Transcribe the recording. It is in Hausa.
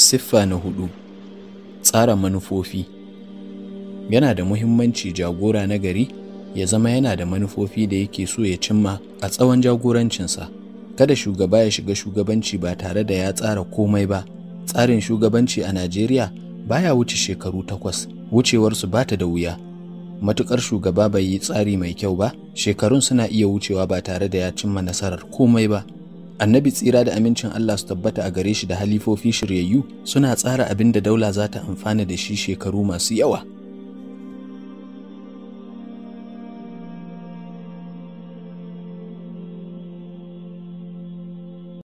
Siffa na hudu tsara manufofi yana da muhimmanci jagora na gari ya zama yana da manufofi da yake so ya cimma a tsawon jagorancinsa kada shugaba ya shiga shugabanci ba tare da ya tsara komai ba tsarin shugabanci a najeriya baya wuce shekaru takwas wucewarsu ba ta da wuya matukar shugaba bai yi tsari mai kyau ba shekarun suna iya wucewa ba tare da ya cimma nasarar komai ba annabi tsira da amincin Allah su tabbata a gare shi da halifofi shiryayyu suna tsara abin da daula za ta amfana da shi shekaru masu yawa